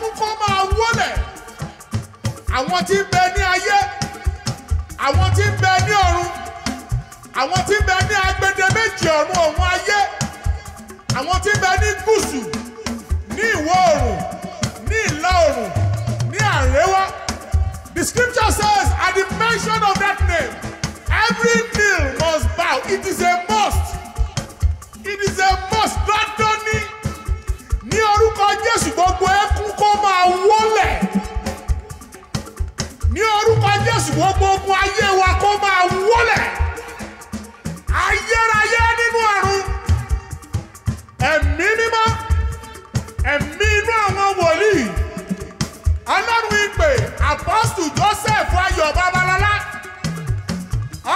kú kọ́ máa wọlé àwọn tí ń bẹ ní ayé àwọn tí ń bẹ ní ọ̀run àwọn tí ń bẹ ní agbede méjì ọ̀run ọ̀run ayé àwọn tí ń bẹ ní gúúsù ní ìwọ̀ oòrùn ní ìlà oòrùn ní àríwá the scripture says at the mention of that name every knee must bow it is a must it is a must dandan ni ní orúkọ Jésù gbogbo ẹkún kó máa wólẹ̀ ní orúkọ Jésù gbogbo ogun ayé wa kó máa wólẹ̀ ayérayé nínú ọ̀run ẹ̀mí mímọ́ ẹ̀mí inú àwọn wòlíì ọlọ́run ìpè apọ́sù Joseph Ayọ̀ Babalọ́lá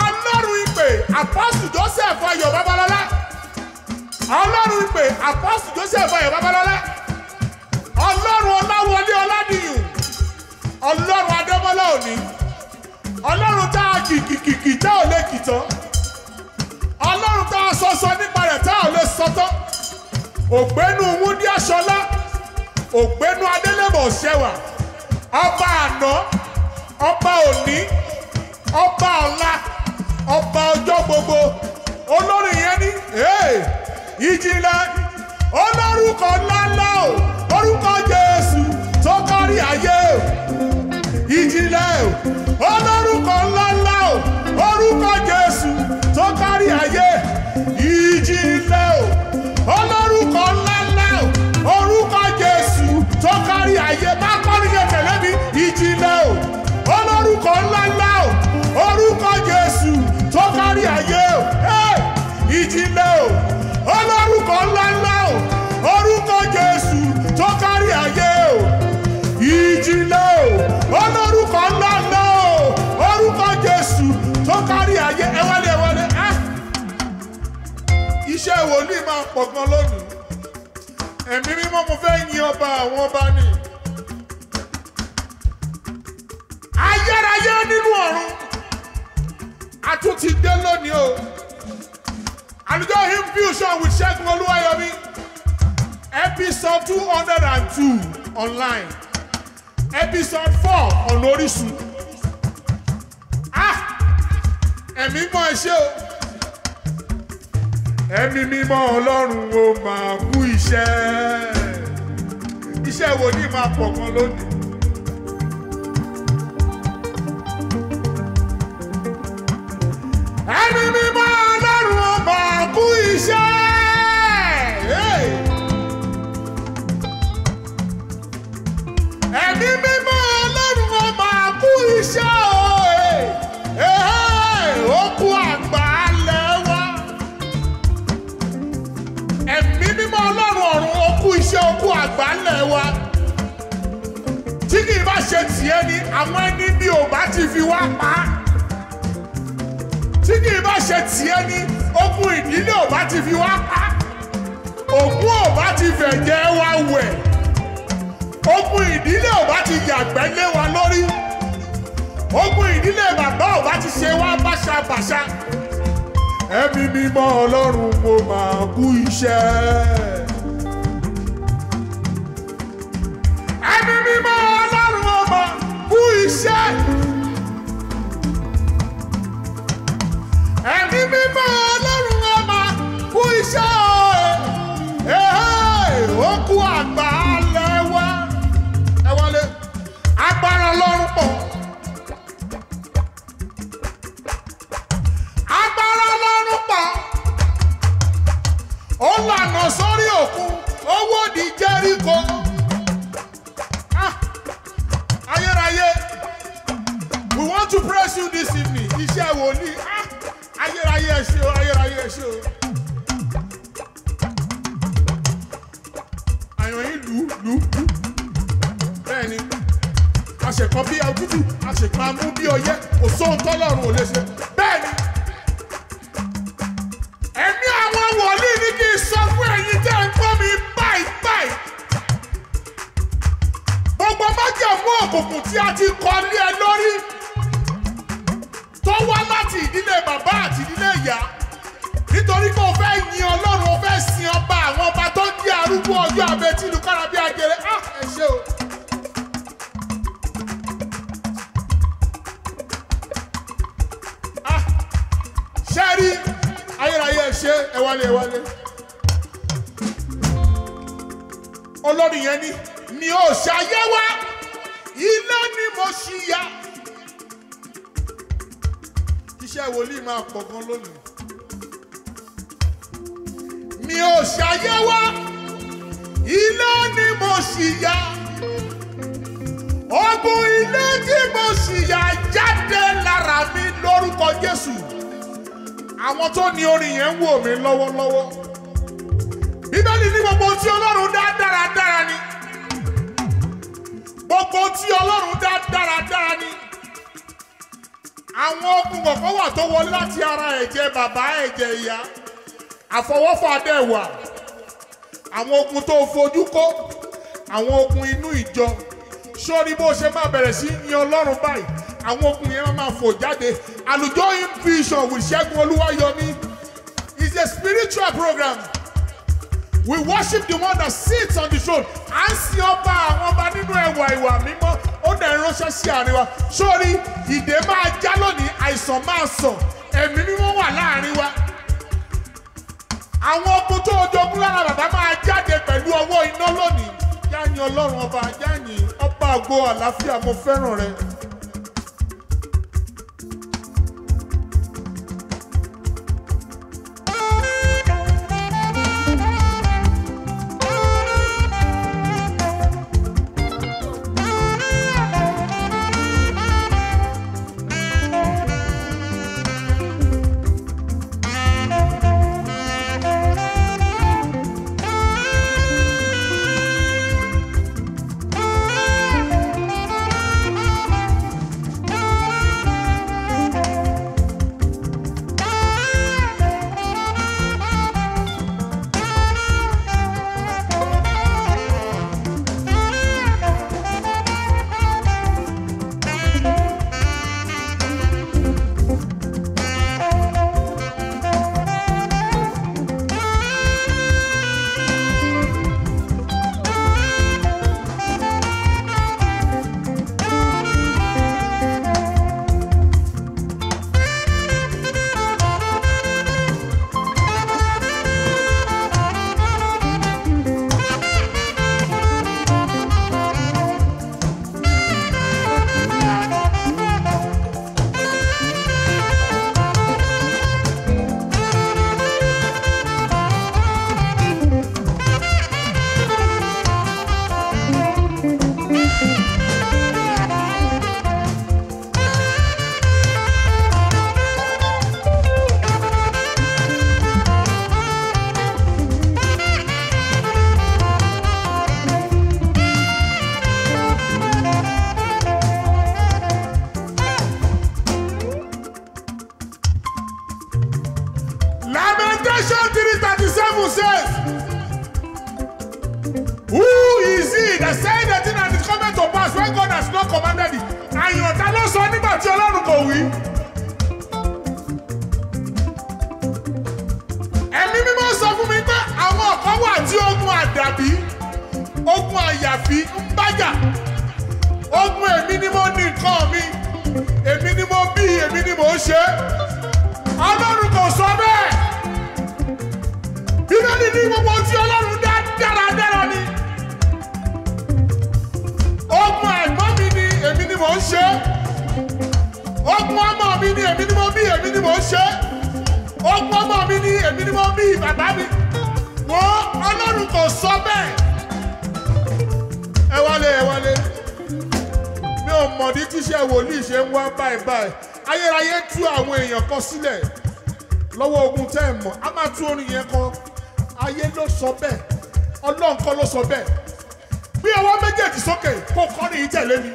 ọlọ́run ìpè apọ́sù Joseph Ayọ̀ Babalọ́lá ọlọ́run ìpè àpọ́sù joseph ọ̀yọ́ babalọ́lá ọlọ́run ọláwọlé ọládìyùn ọlọ́run adébọ́lá òní ọlọ́run tá a kìkìkìkì tá ò lè kìtàn ọlọ́run tá a sọsọ nípa rẹ̀ tá ò lè sọtán ògbénu wúndí aṣọlá ògbénu adélébọ̀ ṣẹwà ọba àná ọba òní ọba ọ̀la ọba ọjọ́ gbogbo olórí yẹn ní. Hey! ìjìnlẹ̀ olórúkọ ńláńlá o orúkọ Jésù. iṣẹ́ wòlíì máa pọ̀ gan lónìí ẹ̀mí mímọ́ mo fẹ́ yin ọba àwọn ọba ni. ayérayé nínú ọ̀run a tún ti dé lónìí o àlùjọ hymn fusion with Ṣẹ́gun Olúwayọ̀mí episode two hundred and two online episode four ọ̀nà Orísun ah ẹ̀mí mọ́ ẹ ṣé o ẹ̀mí mímọ́ ọlọ́run ó máa kú iṣẹ́ iṣẹ́ wo ni máa pọ̀ gan lónìí. ẹ̀mí mímọ́ ọlọ́run ó máa kú iṣẹ́. ẹni àwọn ẹni bí ò bá ti fi wá pa á tí kì í bá ṣe tì ẹni ogun ìdílé ò bá ti fi wá pa á ògún ò bá ti fẹ̀jẹ̀ wa wẹ̀ ogun ìdílé ò bá ti yàgbẹ́ lé wa lórí ogun ìdílé bàbá ò bá ti ṣe wá báṣabàṣa ẹ̀mí mímọ́ ọlọ́run mo máa kú iṣẹ́. iṣẹ́. ẹ̀mí mímọ́ ọlọ́run á máa kú iṣẹ́ o ó kú àgbà alẹ́ wá ẹ wọlé agbára ọlọ́run pọ̀. agbára ọlọ́run pọ̀ ó lànà sórí òkun ó wó di Jẹ́ríkò. jésù àyàn yìí lù lù bẹ́ẹ̀ ni àṣekàn bí òtútù àṣekàn amú bí ọyẹ́ kò sóhun tọ́lọ́run ò lè ṣe bẹ́ẹ̀ ni ẹ̀mí àwọn wòlíì ní kí n sọ fún ẹ̀yin tẹ́ ń gbọ́ mi báyìí báyìí gbogbo tí a ti kọ́ lé ẹ lórí. arúgbó ọjọ́ abẹ́tí ìlú kára bí ajẹrẹ ah, á ẹ ṣe o. sẹ́rí ah, ayérayé ẹ ṣe ẹ wálé ẹ wálé olórí yẹn ni mi ò ṣàyẹ̀wá ilé ni mo ṣì yá iṣẹ́ wòlíì máa pọ̀ gan lónìí mi ò ṣàyẹ̀wá iná ni mo sì yà ogun ilé tí mo sì yà jáde lára mi lórúkọ Jésù àwọn tó ní orin yẹn ń wò mí lọ́wọ́lọ́wọ́ bíbélì ní gbogbo tí Ọlọ́run dá dáradára ni gbogbo tí Ọlọ́run dá dáradára ni àwọn ogun kọ̀ọ̀kan wà tó wọlé láti ara ẹ̀jẹ̀ bàbá ẹ̀jẹ̀ ìyá àfọwọ́fà dẹ̀ àwọn ogun tó fojú kó àwọn ogun inú ìjọ sórí bó ṣe máa bẹ̀rẹ̀ sí yin ọlọ́run báyìí àwọn ogun yẹn máa fò jáde AlujoHymn Fusion with Ṣẹ́gun Olúwayọ̀mí is a spiritual program we worship the one that sits on the throne à ń sin ọba àwọn ọba nínú ẹwà ìwà mímọ́ ó dẹ̀ ránṣẹ́ sí àárín wa sórí ìdè máa já lónìí àìsàn máa sàn ẹ̀mí mímọ́ wà láàárín wa àwọn ogun tó jogún lára bàbá máa jáde pẹ̀lú ọwọ́ iná lónìí jáàyìn ọlọ́run ọba jáàyìn ọba àgbo àlàáfíà mo fẹ́ràn rẹ. ṣe ń wá báyìí báyìí ayérayé tú àwọn èèyàn kan sílẹ̀ lọ́wọ́ ogun tẹ́ ẹ̀ mọ̀ a máa tú orin yẹn kan ayé ló sọ bẹ́ẹ̀ ọlọ́run ló sọ bẹ́ẹ̀ gbé ọwọ́ méjèèjì sókè kó kọrin yìí tẹ̀lé mi.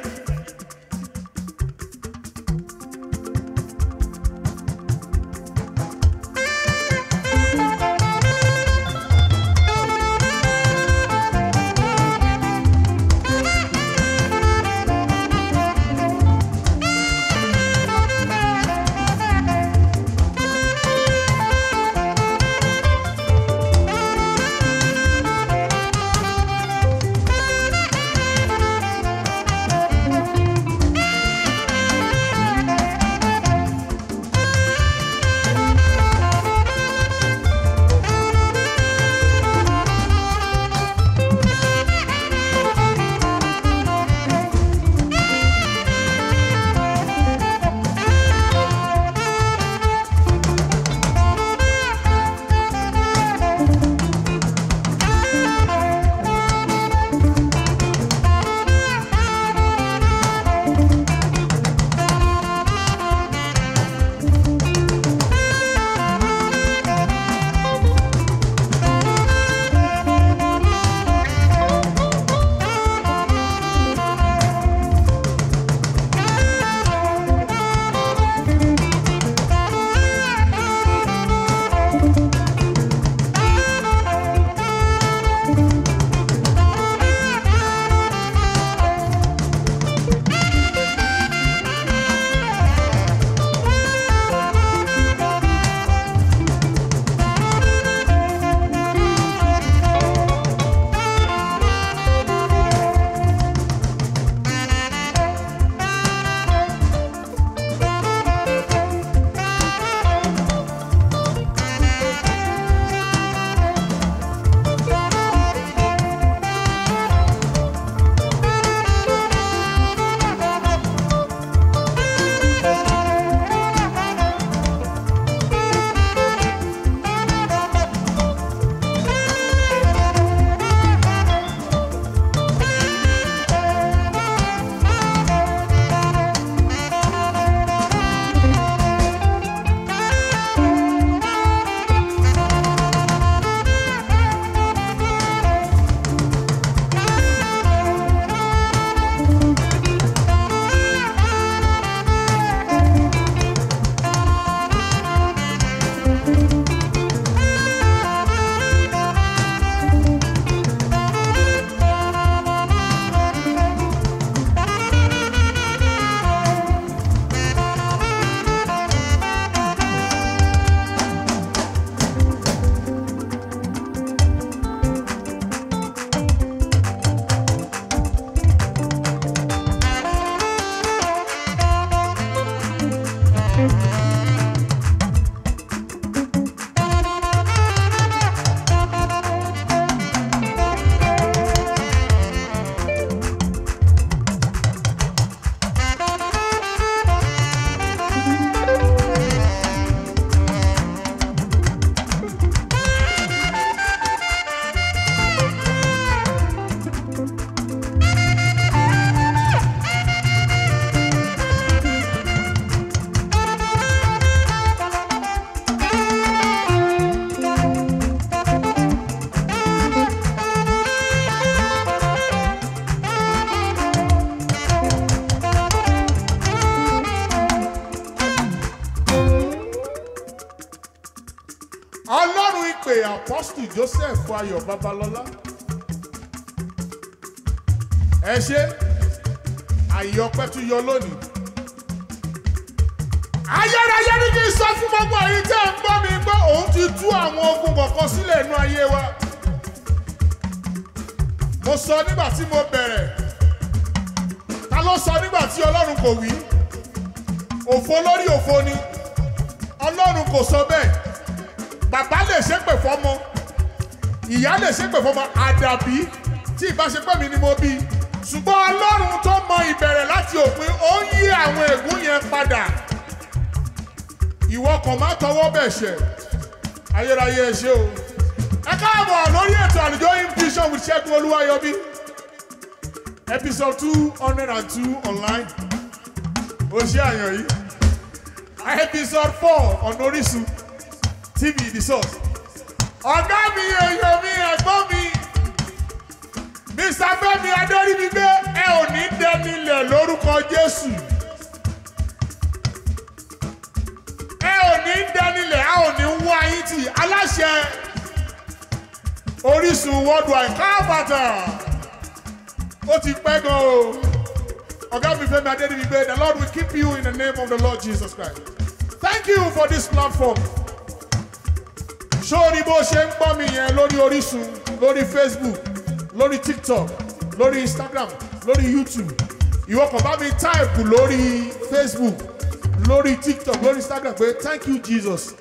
Joseph Ayọ̀ Babalọ́lá ẹ ṣe àyè ọpẹ́ tún yọ lónìí. ayárayá ni kí n sọ fún gbogbo ẹ̀yin tẹ́ ń gbọ́ mi pé òun ti tú àwọn ogun kọ̀ọ̀kan sílẹ̀ inú ayé wa. mo sọ nígbà tí mo bẹ̀rẹ̀ ta ló sọ nígbà tí ọlọ́run kò wí òfo lórí òfo ni ọlọ́run kò sọ bẹ́ẹ̀ bàbá lè ṣépè fọ́mọ ìyá lè ṣépè fọmọ àdàbí tí ìbáṣepọ̀ mi ni mo bí ṣùgbọ́n ọlọ́run tó mọ ìbẹ̀rẹ̀ láti òpin ó ń yí àwọn ègún yẹn padà ìwọ kan má tọwọ́ bẹ̀ ṣẹ̀ ayérayé ẹ ṣé o ẹ káàbọ̀ lórí ètò àlùjọ invitation with Ṣẹ́gun Olúwayọ̀mí episode two hundred and two online ó ṣe àyàn yìí episode four on Orisun TV the source ọ̀gá mi èèyàn mi ẹ̀gbọ́n mi mr fẹ́mi adéríbigbé ẹ ò ní dẹnilẹ̀ lórúkọ jésù ẹ ò ní dẹnilẹ̀ a ò ní wọ ayé tì aláṣẹ orísun worldwide káàbàtà ó ti pẹ́ gan o ọ̀gá mi fẹ́mi adéríbigbé the lord will keep you in the name of the lord jesus christ thank you for this platform sórí bó ṣe ń gbọ́ mi yẹn lórí Orísun lórí Facebook lórí TikTok lórí Instagram lórí YouTube ìwọ kàn bá mi táìpù lórí Facebook lórí TikTok lórí Instagram pé thank you Jesus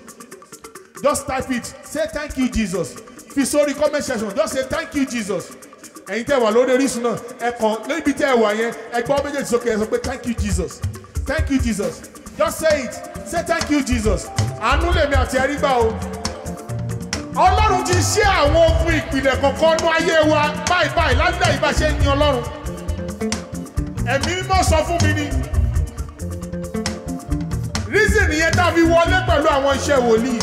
just type it say thank you Jesus fi sórí comment section just say thank you Jesus ẹ̀yin tẹ́ wà lórí Orísun náà ẹ kàn níbi tẹ́ ẹ wà yẹn ẹ gbọ́ méjèèjì sókè ẹ sọ pé thank you Jesus thank you Jesus just say it say thank you Jesus àánú lèmi àti ẹ̀rí gbà o ọlọ́run ti ṣe àwọn ogun ìpìlẹ̀ kọ̀ọ̀kan nú ayé wa báyìí báyìí ládùúgbà yìí bá ṣe ń yin ọlọ́run ẹ̀mí mímọ́ sọ fún mi ni reason yẹn tá a fi wọlé pẹ̀lú àwọn iṣẹ́ wòlíì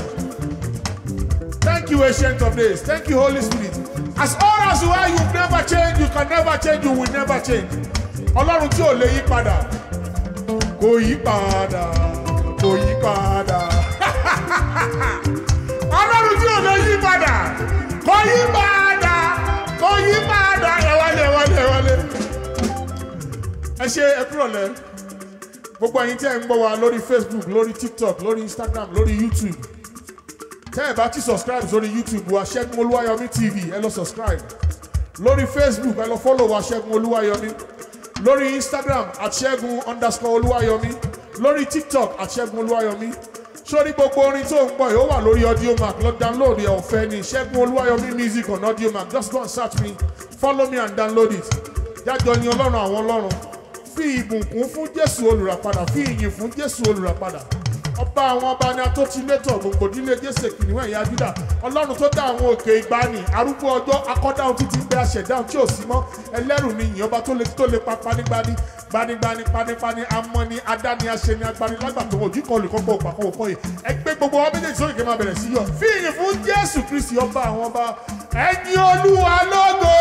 thank you ancient of days thank you holy spirit as all as you are you never change you can never change you will never change ọlọ́run tí ò lè yí padà kò yí padà kò yí padà. mo yí padà mo yí padà ẹ wálé ẹ wálé ẹ wálé. ẹ ṣe ẹ kúrò lẹ gbogbo ẹ̀yin tí ẹ ń gbọ́ wa lórí Facebook lórí TikTok lórí Instagram lórí YouTube tẹ́ ẹ bá ti subscribe sórí YouTube wa Ṣẹ́gun Olúwayọ̀mí TV ẹ lọ subscribe lórí Facebook ẹ lọ follow wa Ṣẹ́gun Olúwayọ̀mí lórí Instagram at Ṣẹ́gun underscore Olúwayọ̀mí lórí TikTok at Ṣẹ́gun Olúwayọ̀mí sórí gbogbo orin tó ń pọ̀ yóò wà lórí audiomack lọ download ẹ̀ ọ̀fẹ́ ní ṣẹ́gun olúwayọ̀mí music on audiomack just go and search me follow me and download it jájọ ni ọlọ́run àwọn ọlọ́run fi ìbùkún fún jésù olùràpadà fi ìyìn fún jésù olùràpadà ọba àwọn ọba ni atótílétọ̀ gbogbo nílé jésè kìnìún ẹ̀yà júdà ọlọ́run tó dá àwọn òkè ìgbani arúgbó ọjọ́ akọ́dáhùn títí ń bẹ àṣẹ̀dáhùn tí ò sí mọ́ ẹlẹ́rù ni ìyìn ọba tó le tó le papá nígbani gbanigbani panipani amọni adani aseni agbani lágbàtọ ojú kọlù kọkọ òpàkọ òkọ yìí ẹgbẹ́ gbogbo wa méjèèjì sókè kí n máa bẹ̀rẹ̀ sí yọ fíyìn fún Jésù Kristi ọba àwọn ọba ẹni Olúwa lógo.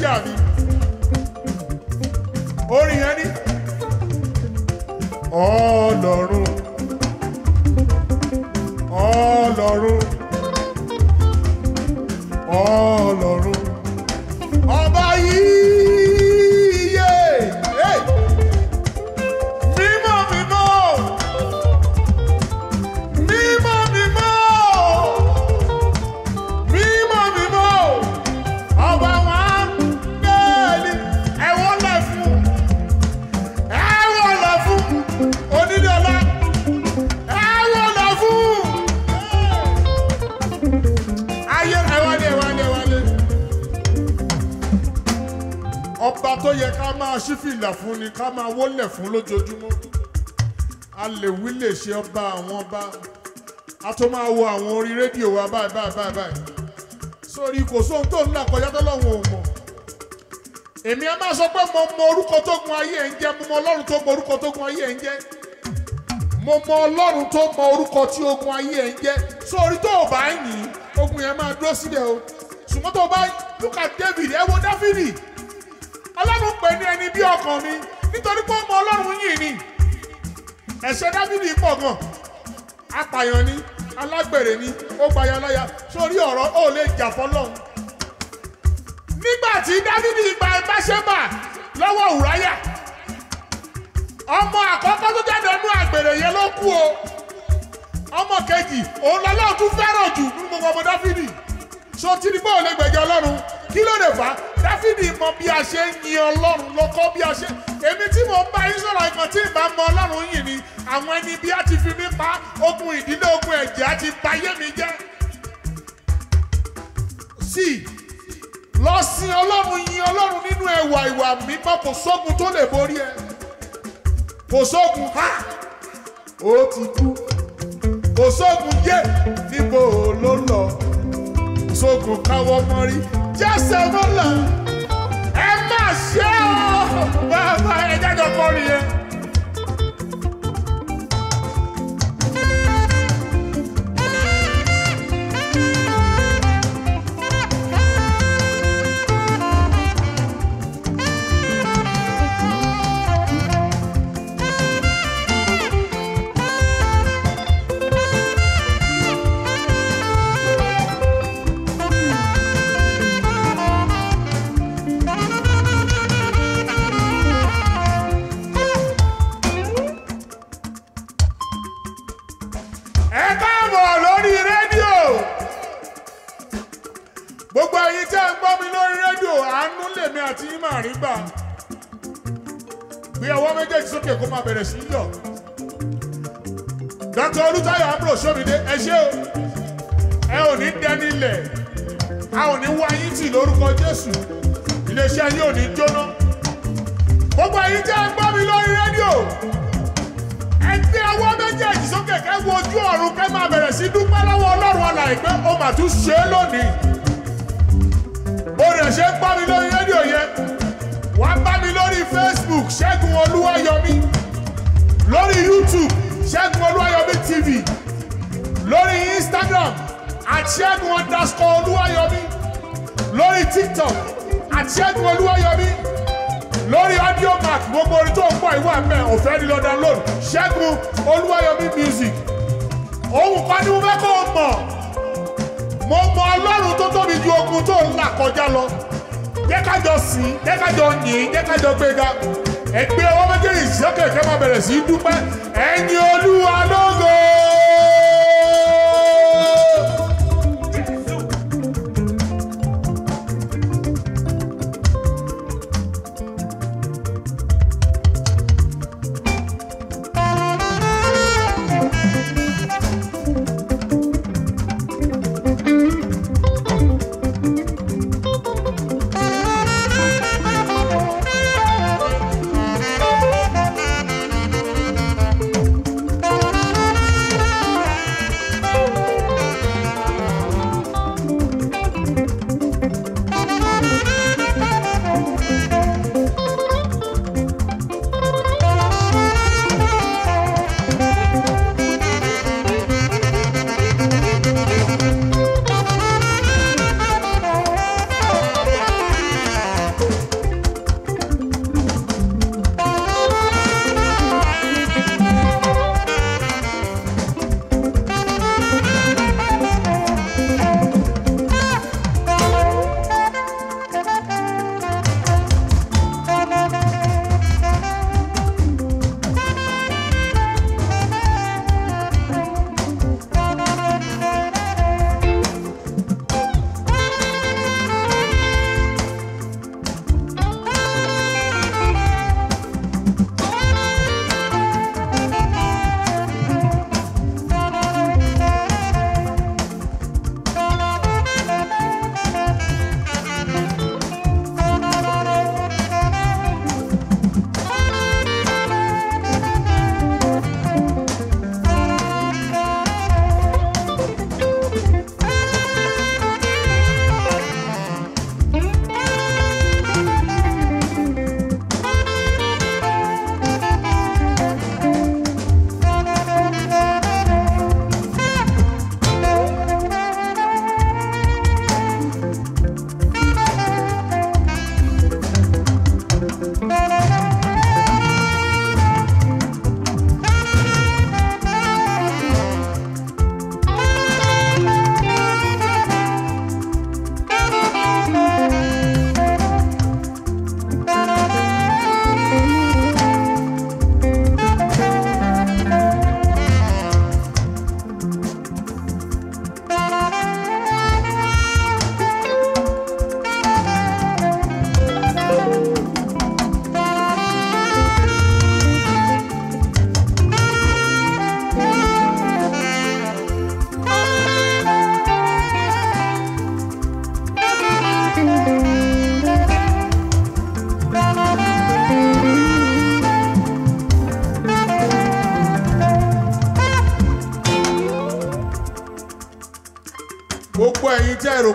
Yeah, fún lójoojúmọ́ a lè wí lè ṣe ọba àwọn ọba a tó máa wo àwọn orí rédíò wa báyìí báyìí báyìí báyìí sórí kò sóhun tó ń là kọjá tọ́lọ́hún ò mọ̀ èmi a máa sọ pé mo mọ orúkọ tó gun ayé ẹ̀ ń jẹ́ mo mọ ọlọ́run tó mọ orúkọ tó gun ayé ẹ̀ ń jẹ́ mo mọ ọlọ́run tó mọ orúkọ tí ogun ayé ẹ̀ ń jẹ́ sórí tó o bá yìn ogun yẹn máa dúró sílẹ̀ o ṣùgbọ́n tó o bá look at David ẹ wo Dáfídì ọlọ́run pè ní ẹni bí ọkàn mi nítorí pé ọmọ ọlọ́run yìí ni ẹ̀ṣẹ̀ dábìlì pọ̀ gan apààyàn ni alágbèrè ni ó gbayaláya sórí ọ̀rọ̀ ó lè jà fọlọ́run nígbà tí dábìlì gba ẹ̀báṣẹ́bà lọ́wọ́ Ùráyà ọmọ àkọ́kọ́ tó jáde ọdún àgbèrè yẹn ló kú o ọmọ kejì òun lọ́lọ́run tún fẹ́ràn jù nínú gbogbo ọmọ dáfídì so tìrìbọ̀ ò lè gbẹ̀jẹ̀ ọlọ́run kí ló lè fà á dáfídì mọ bí a ṣe ń yin ọlọ́run lọ́kọ́ bí a ṣe èmi tí mò bá yín ìkan tí ìbá mọ ọlọ́run yìí ni àwọn ẹni bí a ti fi mí pa ogun ìdílé ogun ẹ̀jẹ̀ á ti bayé mi jẹ́. sí lọ sin ọlọ́run yin ọlọ́run nínú ẹwà ìwà mímọ́ kò sógun tó lè borí ẹ kò sógun ha ó ti kú kò sógun yé níbo ló lọ sógun káwọ́ mọ́rí just a moment. Ẹ máa ṣe ọ́ bàbá ẹ̀jẹ̀ dọ̀kọ́ nìyẹn. àti yín máa rí gbà gbé ọwọ́ méjèèjì sókè kó máa bẹ̀rẹ̀ sí í yọ̀ Dr. Olútáyọ̀ Ambro Ṣómidé ẹ ṣé o ẹ ò ní dẹni a ò ní wá yín tì lórúkọ Jésù iléeṣẹ́ yín ò ní jóná gbogbo ẹ̀yin jẹ́ ń mi lórí rédíò ẹ gbé ọwọ́ méjèèjì sókè kẹ́ wo ọ̀run kẹ́ máa bẹ̀rẹ̀ sí dúpẹ́ lọ́wọ́ Ọlọ́run alàìpẹ́ o mà ṣe é lónìí rẹ̀ ṣe ń bá mi lórí rédíò yẹn wàá bá mi lórí Facebook Ṣẹ́gun Olúwayọ̀mí lórí YouTube Ṣẹ́gun Olúwayọ̀mí TV lórí Instagram àti Ṣẹ́gun underscore Olúwayọ̀mí lórí TikTok àti Ṣẹ́gun Olúwayọ̀mí lórí audio mark gbogbo orin tó ń pọ̀ ìwà mẹ́ ọ̀fẹ́ ni lọ download Ṣẹ́gun Olúwayọ̀mí music òun kan ní mo fẹ́ kó o mọ̀ mo mọ ọlọ́run tó tóbi ju ogun tó ń là kọjá lọ jẹ́ ká jọ sìn jẹ́ ká jọ yìn jẹ́ ká jọ gbéga ẹgbẹ́ ọwọ́ méjèèjì sókè kẹ́ máa bẹ̀rẹ̀ sí dúpẹ́ ẹ̀yin olúwa lógo.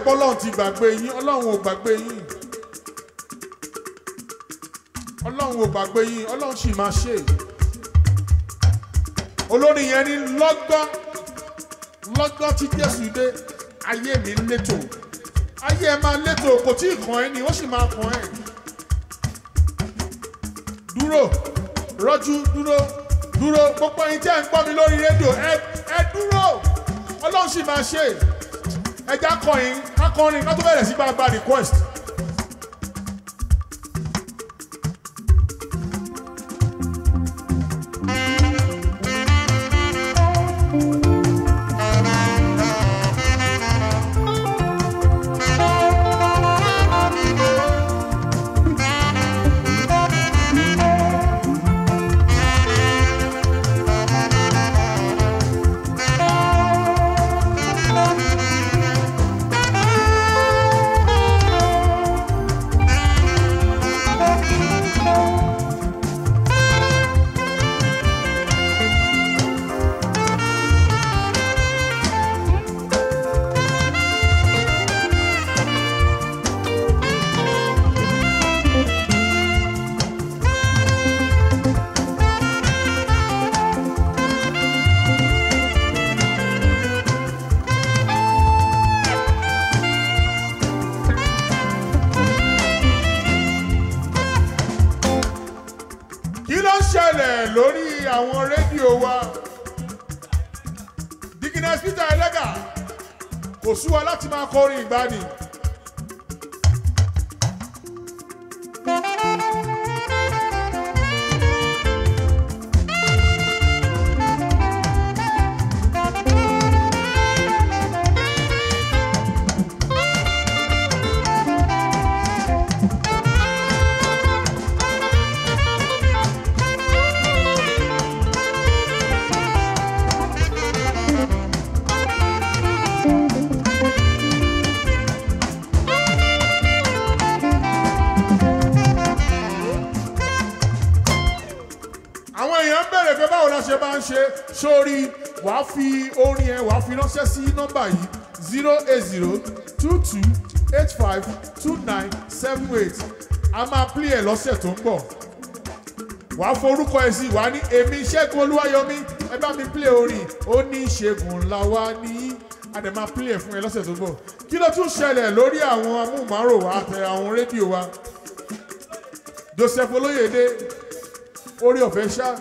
pé ọlọ́run ti gbàgbé yín ọlọ́run ò gbàgbé yín ọlọ́run ò gbàgbé yín ọlọ́run sì máa ṣe olórí yẹn ní lọ́gán lọ́gán tí jésù dé ayé mi létò ayé ẹ máa létò kò tí ì kàn ẹ́ ni ó sì máa kàn ẹ́ dúró rọ́jú dúró dúró gbogbo ẹ̀yin tí ẹ ń gbọ́ mi lórí rédíò ẹ dúró ọlọ́run sì máa ṣe ẹja kọ̀yìn akọrin ká tó bẹ̀rẹ̀ sí gbàgbà request wàá fi orin ẹ wàá fi ránṣẹ́ sí nọ́mbà yìí zero eight zero two two eight five two nine seven eight a máa plé ẹ lọ́sẹ̀ tó ń bọ̀ wàá forúkọ ẹ sí wàá ní èmi Ṣẹ́gun Olúwayọ̀mí ẹ bá mi plé orin ó ní Ṣẹ́gun ńlá wa ní àdèmà plé ẹ fún ẹ lọ́sẹ̀ tó ń bọ̀ kí ló tún ṣẹlẹ̀ lórí àwọn amóhùnmáwòrán àtẹ àwọn rédíò wa Joseph Olóyèdè orí ọ̀fẹ́ ṣáà.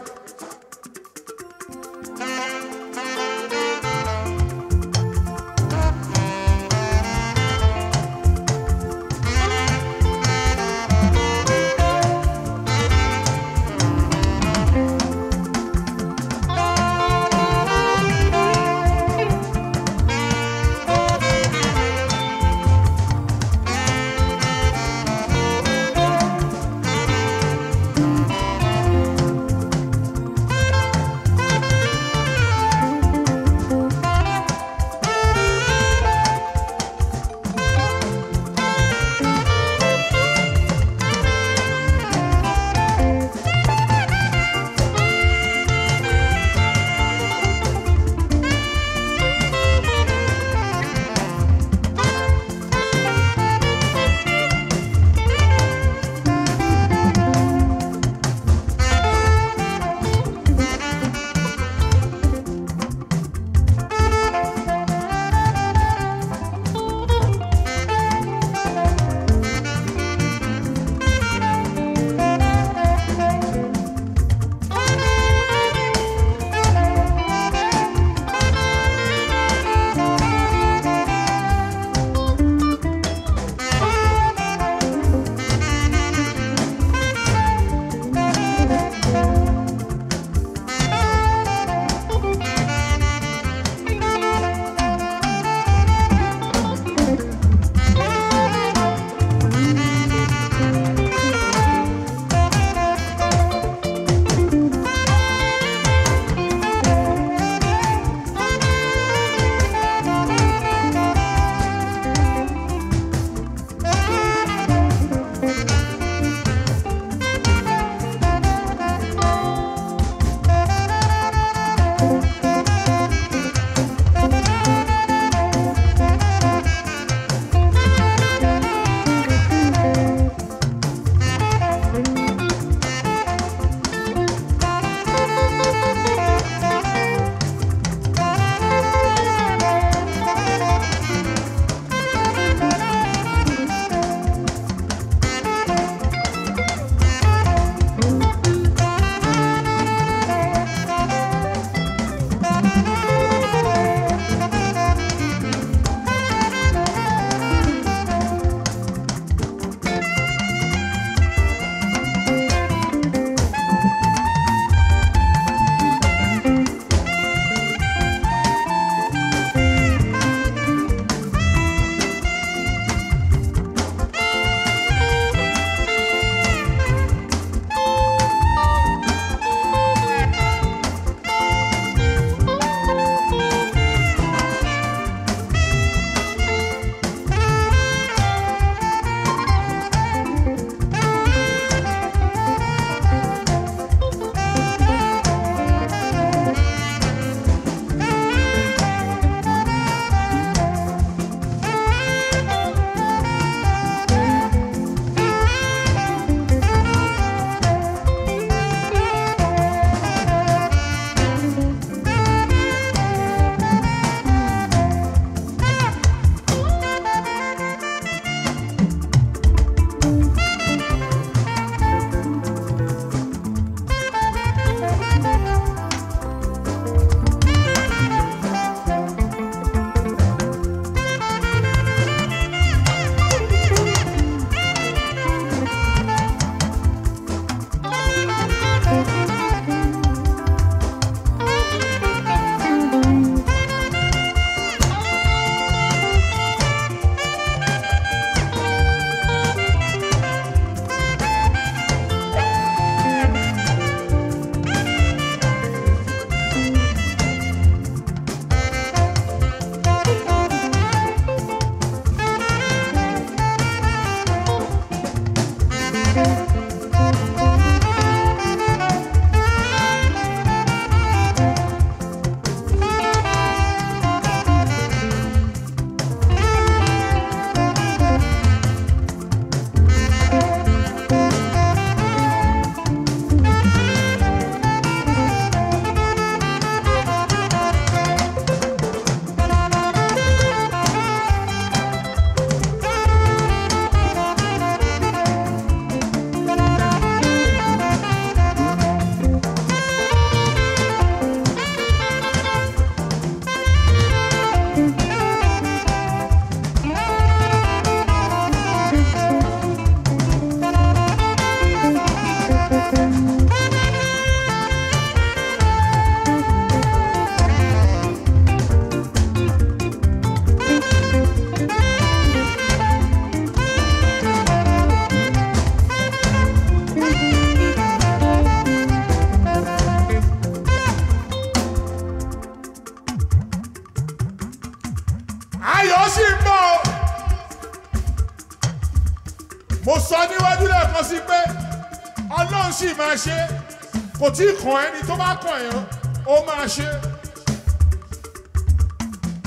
máa ṣe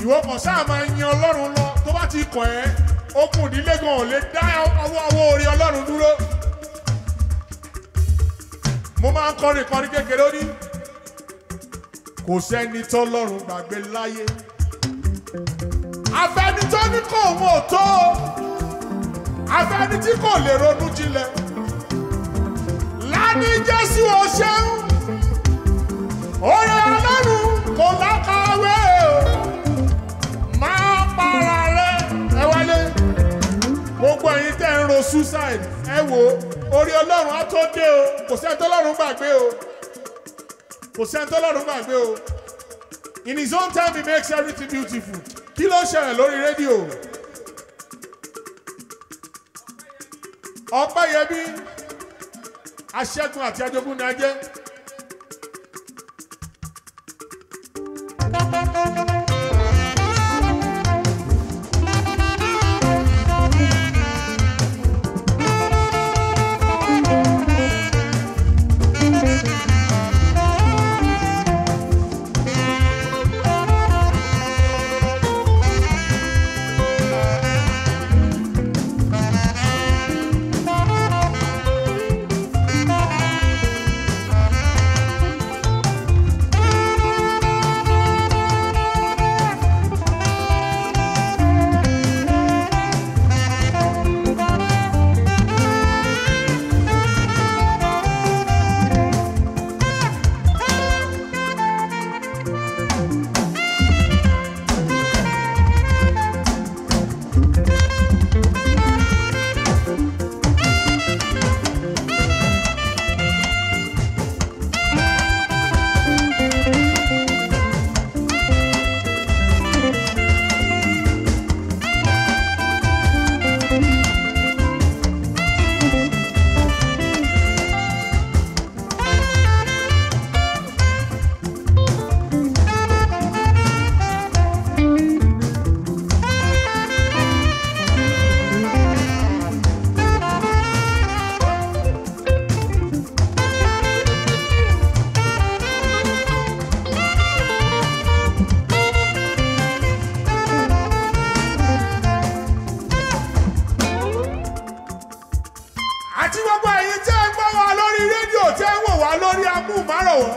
ìwọ kan sáà máa yan ọlọ́run lọ tó bá ti kọ̀ ẹ́ okùn ìdílé gan ò lè dá ọwọ́ ọwọ́ orí ọlọ́run dúró mo máa ń kọrin kọrin kékeré ó ní kò sẹ́ni tọ́lọ́run gbàgbé láyé afẹ́ni tó ní kò mọ̀ tó afẹ́ni tí kò lè ronú jinlẹ̀ lánìí jésù ò ṣeun oye ọlọ́run kò lákàwé o máa para rẹ ẹ wálé gbogbo ẹ̀yin tẹ́ ń ro suicide ẹ wò orí ọlọ́run á tó dé o kò sẹ́ni tọ́lọ́run gbàgbé o kò sẹ́ni tọ́lọ́run gbàgbé o in his own time he makes everything beautiful kí ló ṣẹlẹ̀ lórí rédíò ọpẹ́yẹmí aṣẹ́gun àti ajogún ni a jẹ́. wọ́n.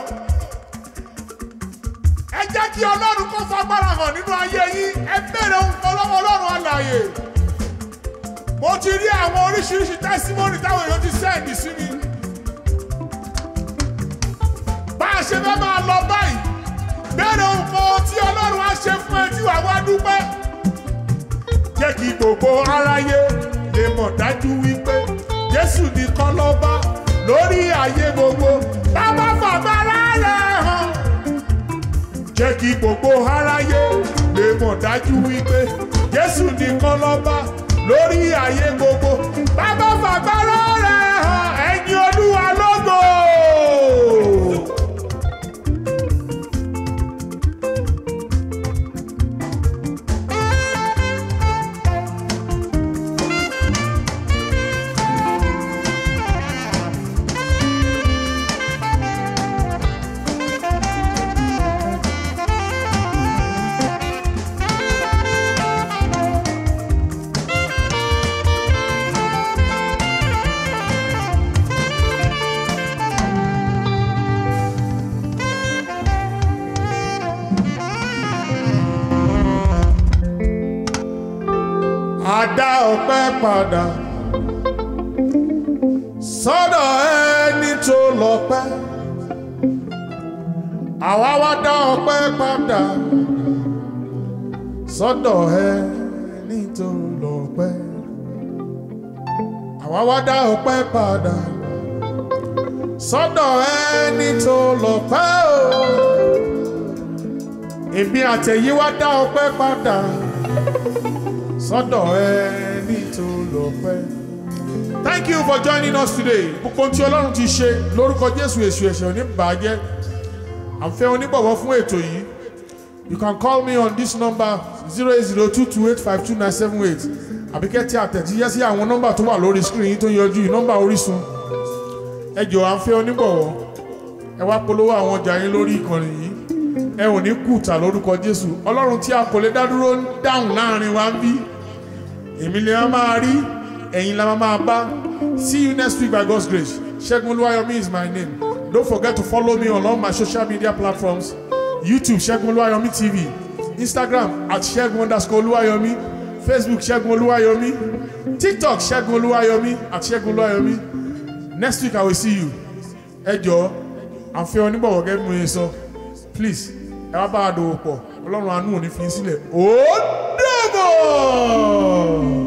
ẹ jẹ́ kí ọlọ́run kó fagbára hàn nínú ayé yín ẹ bèrè ohun kan lọ́wọ́ ọlọ́run alààyè. mo ti rí àwọn oríṣiríṣi tẹ́símọ́nì táwọn èèyàn ti sẹ́ẹ̀dì sí mi. bá a ṣe fẹ́ máa lọ báyìí bèrè ohun kan tí ọlọ́run á ṣe fún ẹ tí wàá wá dúpẹ́. jẹ́ kí gbogbo aráyé lè mọ̀ dájú wípé jésù nìkan lọ́ba lórí ayé gbogbo bàbá àbáráyé hàn jẹ́ kí gbogbo aráyé lè mọ̀ dájú wípé Jésù nìkan lọ́ba lórí ayé gbogbo bàbá fàgbára. dá ọpẹ́ padà sọ́dọ̀ ẹni tó lọ́pẹ́ àwa wá dá ọpẹ́ padà sọ́dọ̀ ẹni tó lọ́pẹ́ àwa wá dá ọpẹ́ padà sọ́dọ̀ ẹni tó lọ́pẹ́ o èmi àtẹ̀yí wá dá ọpẹ́ padà thank you for joining us today gbogbo tí ọlọ́run ti ṣe lórúkọ jésù èṣù ẹ̀ṣẹ̀ ò ní bàjẹ́ à ń fẹ́ onígbọ̀wọ́ fún ètò yìí you can call me on this number zero eight zero two two eight five two nine seven eight àbí kẹ́tí àtẹ̀jíṣẹ́ sí àwọn nọ́mbà tó wà lórí screen yìí tó yọjú yìí nọ́mbà orísun ẹ jọ̀ọ́ à ń fẹ́ onígbọ̀wọ́ ẹ wá polówó àwọn ọjà yín lórí ìkànnì yìí ẹ ò ní kùtà lórúkọ jésù ọlọ́run tí a kò lè dá dúró ń dáhùn láàrin wa ń bí Emilia lè máa rí ẹ̀yin see you next week by God's grace Ṣẹ́gun Olúwayọ̀mí is my name don't forget to follow me on all my social media platforms YouTube Ṣẹ́gun Olúwayọ̀mí TV Instagram at Ṣẹ́gun underscore Olúwayọ̀mí Facebook Ṣẹ́gun Olúwayọ̀mí TikTok Ṣẹ́gun Olúwayọ̀mí at Ṣẹ́gun Olúwayọ̀mí next week I will see you ẹ jọ̀ọ́ àfihàn onígbọ̀wọ̀ gẹ́gẹ́ me so. please ẹ wá bá a ọlọ́run àánú ò ní fi sílẹ̀ ó dàbọ̀.